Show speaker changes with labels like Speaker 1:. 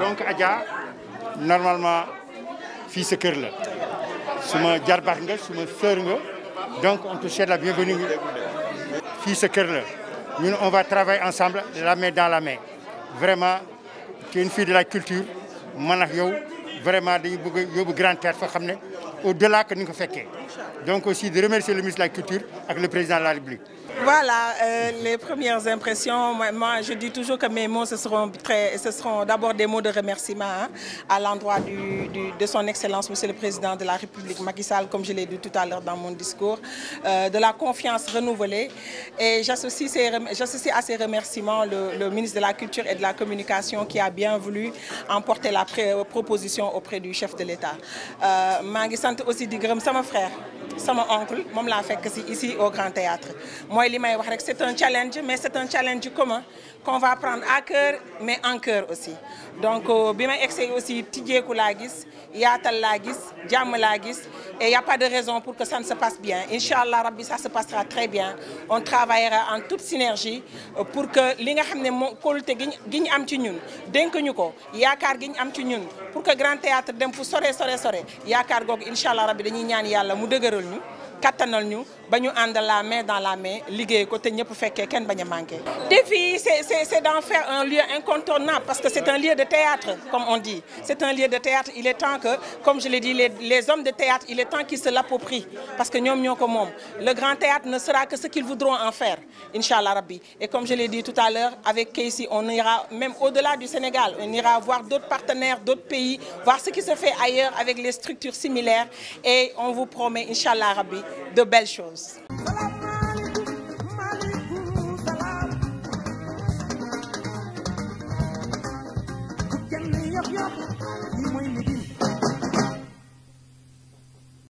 Speaker 1: donc Adja normalement fii sa kër la suma jarbaat nga suma sœur nga donc on te souhaite la bienvenue fii sa kër la ñun on va travailler ensemble la main dans la main vraiment tu fii une de la culture man ak yow vraiment dañu bëgg a yóbbu Grand Théâtre foo xam ne au-delà que ni nga ko fekkee donc aussi de remercier le ministre de la culture ak le président de la République
Speaker 2: Voilà, euh, les premières impressions, toujours que mes mots, ce seront, très, ce seront d'abord des mots de remerciement à l'endroit de son Excellence, Monsieur le Président de la République, Macky Sall, comme je l'ai dit tout à l'heure dans mon discours, euh, de la confiance renouvelée. Et j'associe à ces remerciements le, le, ministre de la Culture et de la Communication qui a bien voulu emporter la proposition auprès du chef de l'État. Euh, Macky aussi dit, c'est mon frère, c'est mon oncle, je l'ai fait ici au Grand li may wax rek c'est un challenge mais c'est un challenge commun qu'on va prendre à cœur mais en cœur aussi donc euh, bi may egsee aussi tijjeeku laa gis yaatal laa gis jàmm laa gis et y pas de raison pour que ça ne se passe bien incha allah rabbi ça se passera très bien on travaillera en toute synergie euh, pour que li nga xam ne moo kóolute gi gi ñu am ci ñun dénk ñu ko yaakaar gi ñu am ci ñun pour que Grand Théâtre dem fu sore sore sore yaakaar googu incha allah rabbi dañuy ñaan yàlla mu dëgëral ñu kattanal ñu ba ñu ànd la main dans la main liggéey ko te ñëpp fekkee kenn bañ a manqué. défi yi c'est c'est c'est d'en faire un lieu incontournable parce que c'est un lieu de théâtre comme on dit c'est un lieu de théâtre il est temps que comme je l'ai dit les hommes de théâtre il est temps qu'ils ko moom le grand théâtre ne sera que ce qu'ils voudront en faire inchallah rabbi et comme je l'ai dit tout à l'heure avec Keïsi on ira même au-delà du Sénégal on ira voir d'autres partenaires d'autres pays voir ce qui de belles choses.